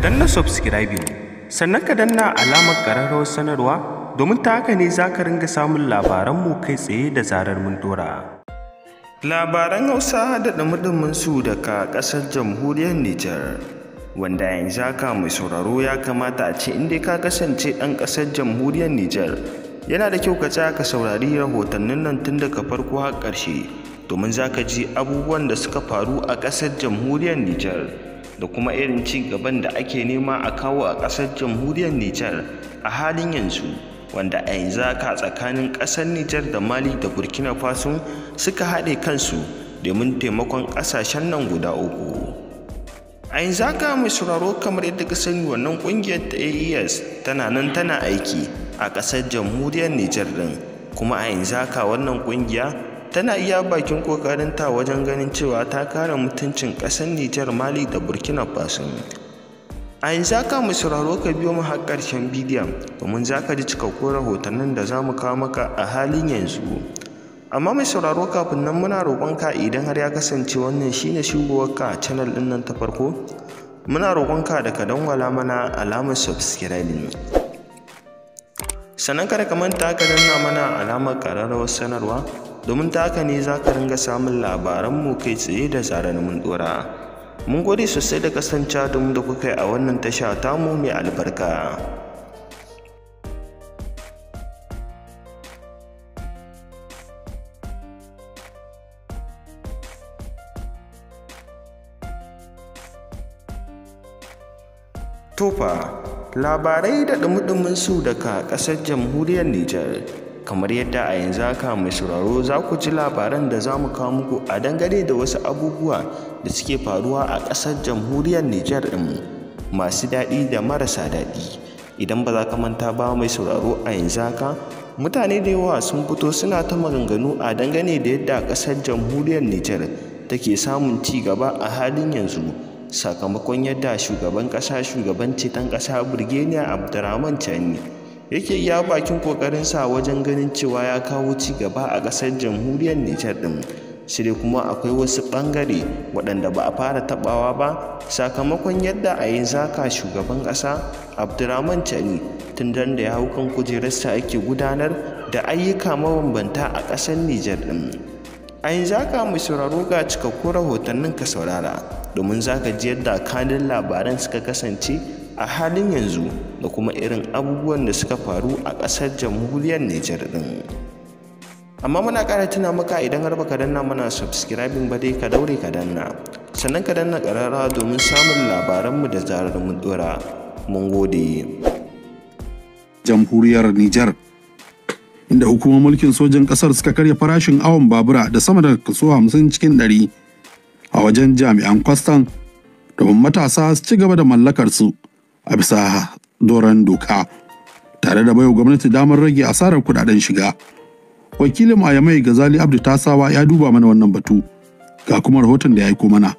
danna subscribing sannan ka danna alamar ƙararrawar sanarwa domin ta haka ne za ka ringa samun labaranmu kai tsaye da zarar mun dora. Labaran Hausa da ɗumuɗumin su daga ƙasar jamhuriyar Nijar. Wanda yanzu haka mai sauraro ya kamata a ce inda ka kasance ɗan ƙasar jamhuriyar Nijar yana da kyau ka tsaya ka saurari rahotannin nan tun daga farko har ƙarshe domin za ka ji abubuwan da suka faru a ƙasar jamhuriyar Nijar. da kuma irin ci gaban da ake nema a kawo a ƙasar jamhuriyar Nijar a halin yanzu wanda a yanzu haka tsakanin ƙasar Nijar da Mali da Burkina Faso suka haɗe kansu domin taimakon ƙasashen nan guda uku. A yanzu haka mai sauraro kamar yadda ka sani wannan ƙungiyar ta AES tana nan tana aiki a ƙasar jamhuriyar Nijar ɗin kuma a yanzu haka wannan ƙungiya tana iya bakin ƙoƙarinta wajen ganin cewa ta kare mutuncin kasar nijar mali da burkina faso a yanzu ka mu sauraro ka biyo mu har ƙarshen bidiyon domin za ka ji cikakkun rahotannin da za mu kawo maka a halin yanzu amma mai sauraro kafin nan muna roƙonka idan har ya kasance wannan shine shigowarka a canal ɗin nan ta farko muna roƙonka da ka dangwala mana alamar subscribing sannan kada ka manta ka danna mana alamar ƙararrawar sanarwa domin ta haka ne za ka ringa samun labaranmu kai tsaye da zarar mun dora mun gode sosai da kasancewa domin da kuka yi a wannan tasha tamu mai albarka Tofa labarai da ɗumin su daga ƙasar jamhuriyar Nijar. kamar yadda a yanzu haka mai sauraro za ku ji labaran da za mu kawo muku a dangane da wasu abubuwa da suke faruwa a ƙasar jamhuriyar Nijar ɗin masu daɗi da marasa daɗi idan ba za ka manta ba mai sauraro a yanzu haka mutane da yawa sun fito suna ta maganganu a dangane da yadda ƙasar jamhuriyar Nijar take samun ci gaba a halin yanzu sakamakon yadda shugaban ƙasa shugaban ceton ƙasa Birgeniya Abdurrahman Chani yake iya bakin sa wajen ganin cewa ya kawo ci gaba a ƙasar jamhuriyar nijar ɗin sai kuma akwai wasu ɓangare waɗanda ba a fara taɓawa ba sakamakon yadda a yin zaka shugaban ƙasa abdurrahman cani tun da ya hau kan kujerarsa ake gudanar da ayyuka mabambanta a ƙasar nijar ɗin a yin zaka mai sauraro ga cikakkun rahotannin ka saurara domin zaka ji yadda kanin labaran suka kasance a halin yanzu da kuma irin abubuwan da suka faru a ƙasar jamhuriyar Nijar ɗin. Amma muna ƙara tuna maka idan har baka danna muna subscribing ba dai ka daure ka danna. Sannan ka danna ƙararrawa domin samun labaranmu da zarar mun ɗora. Mun gode. Jamhuriyar Nijar inda hukumar mulkin sojan ƙasar suka karya farashin awon babura da sama da kaso hamsin cikin ɗari a wajen jami'an kwastan domin matasa su ci gaba da mallakar su a bisa doron doka tare da baiwa gwamnati damar rage asarar kudaden shiga wakilin ayamai gazali abdu tasawa ya duba mana wannan batu ga kuma rahoton da ya aiko mana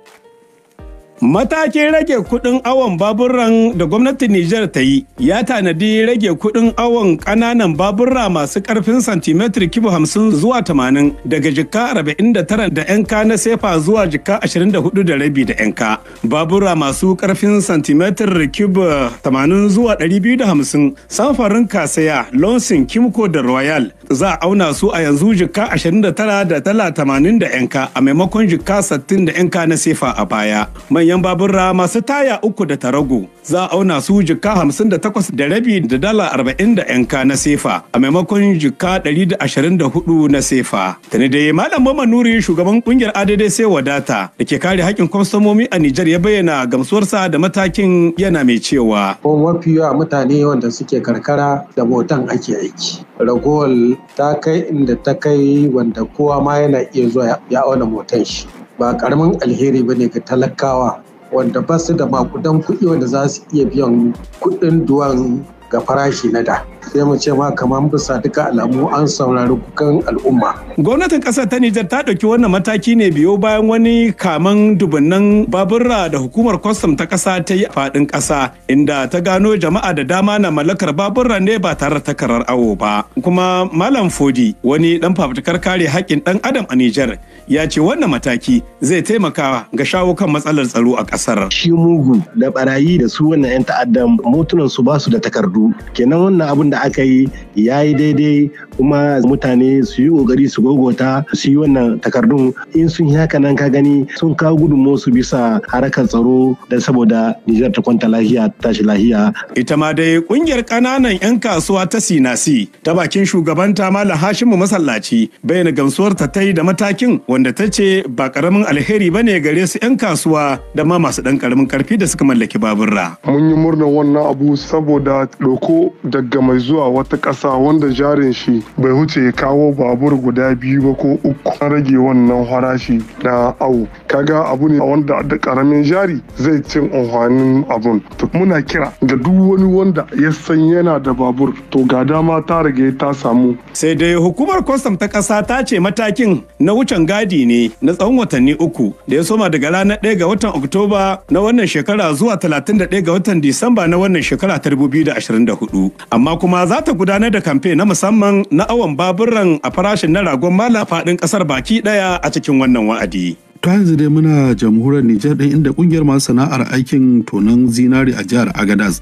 Matakin rage kuɗin awon baburan da gwamnatin Nijar ta yi ya tanadi rage kuɗin awon ƙananan babura masu ƙarfin santimetri kibu hamsin zuwa tamanin daga jika arba'in da tara da yanka na sefa zuwa jika ashirin da hudu da rabi da yanka. Babura masu ƙarfin santimetri kibu tamanin zuwa ɗari biyu da hamsin samfarin kasaya lonsin kimko da royal za a auna su a yanzu jika ashirin da tara da tala tamanin da yanka a maimakon jika sittin da yanka na sefa a baya. manyan babura masu taya uku da tarago za a auna su jika hamsin da takwas da rabi da dala arba'in da yanka na sefa a maimakon jika ɗari da ashirin da hudu na sefa. Tani dai Malam Mama Nuri shugaban kungiyar adadai sai wadata da ke kare haƙƙin kwastomomi a Nijar ya bayyana gamsuwarsa da matakin yana mai cewa. Ko mafi mutane wanda suke karkara da motan ake aiki. Ragowar ta kai inda ta kai wanda kowa ma yana iya zuwa ya auna motan shi. ba karamin alheri ba ne ga talakawa wanda ba su da makudan kuɗi wanda za su iya biyan kuɗin duwan ga farashi na da sai mu ce ma kamar bisa duka alamu an saurari kukan al'umma. Gwamnatin ƙasar ta Nijar ta ɗauki wannan mataki ne biyo bayan wani kaman dubunnan baburra da hukumar kwastam ta ƙasa ta yi faɗin ƙasa inda ta gano jama'a da dama na mallakar baburra ne ba tare da takarar awo ba. Kuma Malam Fodi wani ɗan fafutukar kare haƙƙin ɗan adam a Nijar ya ce wannan mataki zai taimaka ga shawo kan matsalar tsaro a ƙasar. Shi mugu da barayi da su wannan 'yan ta'addan motunan su ba su da takardu hudu kenan wannan abin da aka yi ya yi daidai kuma mutane su yi kokari su gogota su yi wannan takardun in sun yi haka nan ka gani sun kawo gudunmu su bisa harakar tsaro da saboda Nijar ta kwanta lahiya tashi lahiya. Ita ma dai kungiyar kananan 'yan kasuwa ta Sinasi ta bakin shugabanta Malam Hashimu Masallaci bayyana gamsuwar ta ta yi da matakin wanda ta ce ba karamin alheri ba ne gare su 'yan kasuwa da ma masu dan karamin karfi da suka mallaki baburra. Mun yi murnar wannan abu saboda roko daga mai zuwa wata ƙasa wanda jarin shi bai wuce ya kawo babur guda biyu ba ko uku an rage wannan farashi na awo kaga abu ne wanda da karamin jari zai cin amfanin abun to muna kira ga duk wani wanda ya san yana da babur to ga dama ta rage ta samu sai dai hukumar kwastam ta ƙasa ta ce matakin na wucin gadi ne na tsawon watanni uku da ya soma daga ranar 1 ga watan oktoba na wannan shekara zuwa 31 ga watan disamba na wannan shekara ta 2020 2024 amma kuma za ta gudanar da kamfe na musamman na awon baburan a farashin na ragon mala fadin kasar baki daya a cikin wannan wa'adi. ta yanzu dai muna jamhuriyar Nijar din inda kungiyar masu sana'ar aikin tonon zinari a jihar Agadaz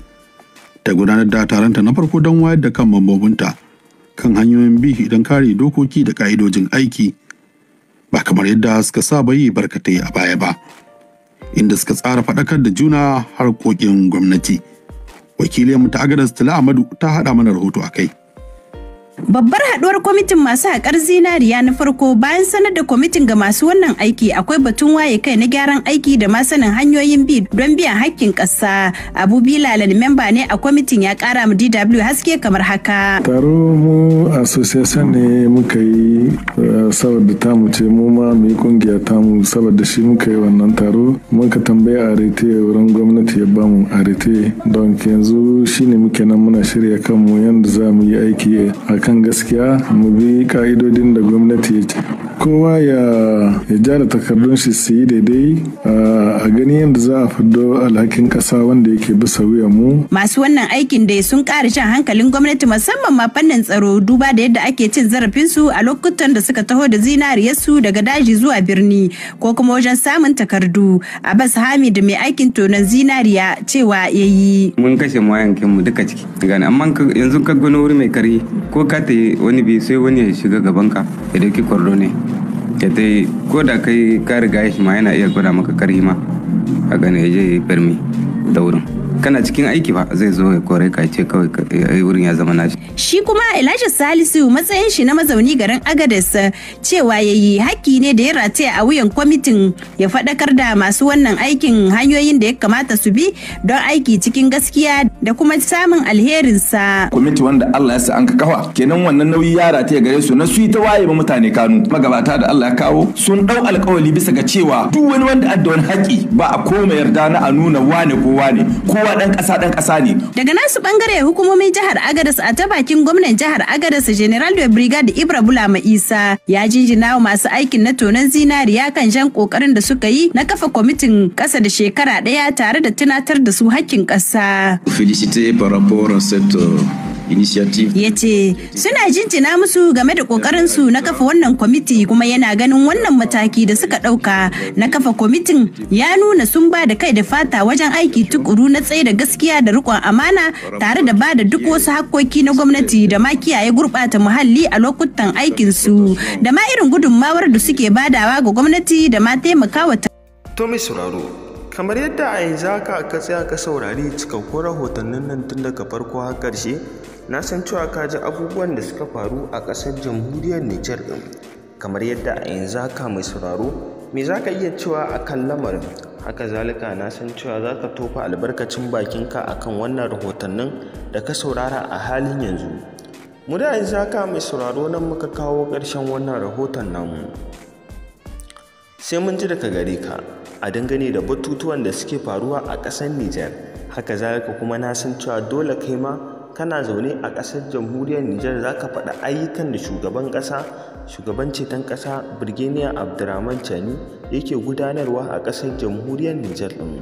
ta gudanar da taronta na farko don wayar da kan mambobinta kan hanyoyin bi don kare dokoki da ka'idojin aiki ba kamar yadda suka saba yi barkatai a baya ba inda suka tsara faɗakar da juna harkokin gwamnati. wakiliyar mu ta agadar Stila ahmadu ta haɗa mana rahoto a kai. Babbar haɗuwar kwamitin masu haƙar zinariya na farko bayan sanar da kwamitin ga masu wannan aiki akwai batun waye kai na gyaran aiki da ma sanin hanyoyin bi don biyan hakkin ƙasa. Abu Bilalal memba ne a kwamitin ya ƙara mu DW haske kamar haka. Taro mu association ne muka yi eh, saboda tamu ce mu ma mu yi kungiya tamu saboda shi muka yi wannan taro muka tambaya a arete wurin gwamnati ya bamu arete don yanzu shine muke nan muna shirya kanmu yadda za mu yi aiki a kan gaskiya mu bi ka'idodin da gwamnati ya ce kowa ya ja da takardun shi su yi daidai a gani yadda za a fado alhakin ƙasa wanda yake bisa wuyan mu. Masu wannan aikin da sun ƙara shan hankalin gwamnati musamman ma fannin tsaro duba da yadda ake cin zarafin su a lokutan da suka taho da su daga daji zuwa birni ko kuma wajen samun takardu. Abbas Hamid mai aikin tonon zinariya cewa ya Mun kashe mayankin mu duka ciki. Gane amma yanzu ka gano wuri mai kari ko ka ta yi wani bi sai wani ya shiga gaban ka ya dauki kwardo ne ya ta yi ko da kai ka riga shi ma yana iya gwada maka karhima a gane ya je ya yi da wurin kana cikin aiki ba zai zo ya kore ka ce kawai wurin ya zama nashi. Shi kuma Elisha Salisu matsayin shi na mazauni garin Agadez cewa ya yi haƙƙi ne da ya rataya a wuyan kwamitin ya faɗakar da masu wannan aikin hanyoyin da ya kamata su bi don aiki cikin gaskiya da kuma samun alherinsa. Kwamiti wanda Allah ya sa an kawa kenan wannan nauyi ya rataya gare su na su ta waye ma mutane kanu magabata da Allah ya kawo sun ɗau alƙawari bisa ga cewa duk wani wanda adda wani haƙƙi ba a koma yarda na a nuna wane ko wane kowa dan kasa dan kasa ne. Daga nasu bangare hukumomin jihar Agadas a ta bakin gwamnan jihar Agadas General da Brigade Ibra Bulama Isa ya jinjina wa masu aikin na tonon zinariya kan jan kokarin da suka yi na kafa kwamitin kasa da shekara daya tare da tunatar da su hakkin kasa. Félicité par rapport à cette euh, ya ce suna jinjina musu game da ƙoƙarinsu na kafa wannan kwamiti kuma yana ganin wannan mataki da suka ɗauka na kafa kwamitin ya nuna sun ba da kai da fata wajen aiki tukuru na tsaye da gaskiya da riƙon amana tare da ba da duk wasu hakkoki na gwamnati da ma kiyaye gurɓata muhalli a lokutan aikinsu da ma irin gudunmawar da suke badawa ga gwamnati da ma taimakawa ta. To sauraro, kamar yadda a yanzu haka aka tsaya ka saurari cikakkun rahotannin nan tun daga farko har ƙarshe na san cewa ka ji abubuwan da suka faru a ƙasar jamhuriyar nijar ɗin kamar yadda a yanzu haka mai sauraro me za ka iya cewa a kan lamarin haka zalika na san cewa za ka tofa albarkacin bakinka a kan wannan rahotannin da ka saurara a halin yanzu mu da yanzu haka mai sauraro nan muka kawo ƙarshen wannan rahoton namu sai mun ji daga gare ka a dangane da batutuwan da suke faruwa a ƙasar nijar haka zalika kuma na san cewa dole kai ma kana zaune a ƙasar jamhuriyar Nijar za ka faɗi ayyukan da shugaban ƙasa shugaban ceton ƙasa Birgeniya Abdurrahman Chani yake gudanarwa a ƙasar jamhuriyar Nijar ɗin.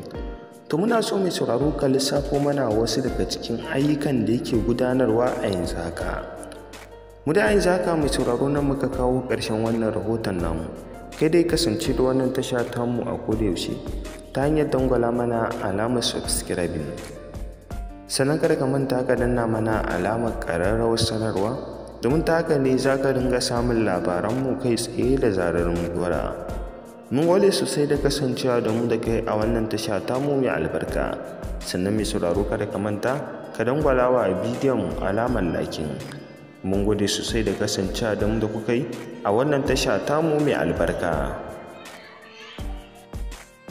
To muna so mai sauraro ka lissafo mana wasu daga cikin ayyukan da yake gudanarwa a yanzu haka. Mu da yanzu haka mai sauraro nan muka kawo ƙarshen wannan rahoton namu. Kai dai kasance da wannan tasha tamu a kodayaushe ta hanyar dangwala mana alamar subscribing. sannan kada ka manta ka danna mana alamar ƙararrawar sanarwa domin ta haka ne za ka dinga samun labaranmu kai tsaye da zarar mu mun wale sosai da kasancewa da mu da kai a wannan tasha ta mai albarka sannan mai sauraro kada ka manta ka dangwala wa bidiyon alamar lakin mun gode sosai da kasancewa da mu da kukai a wannan tasha ta mai albarka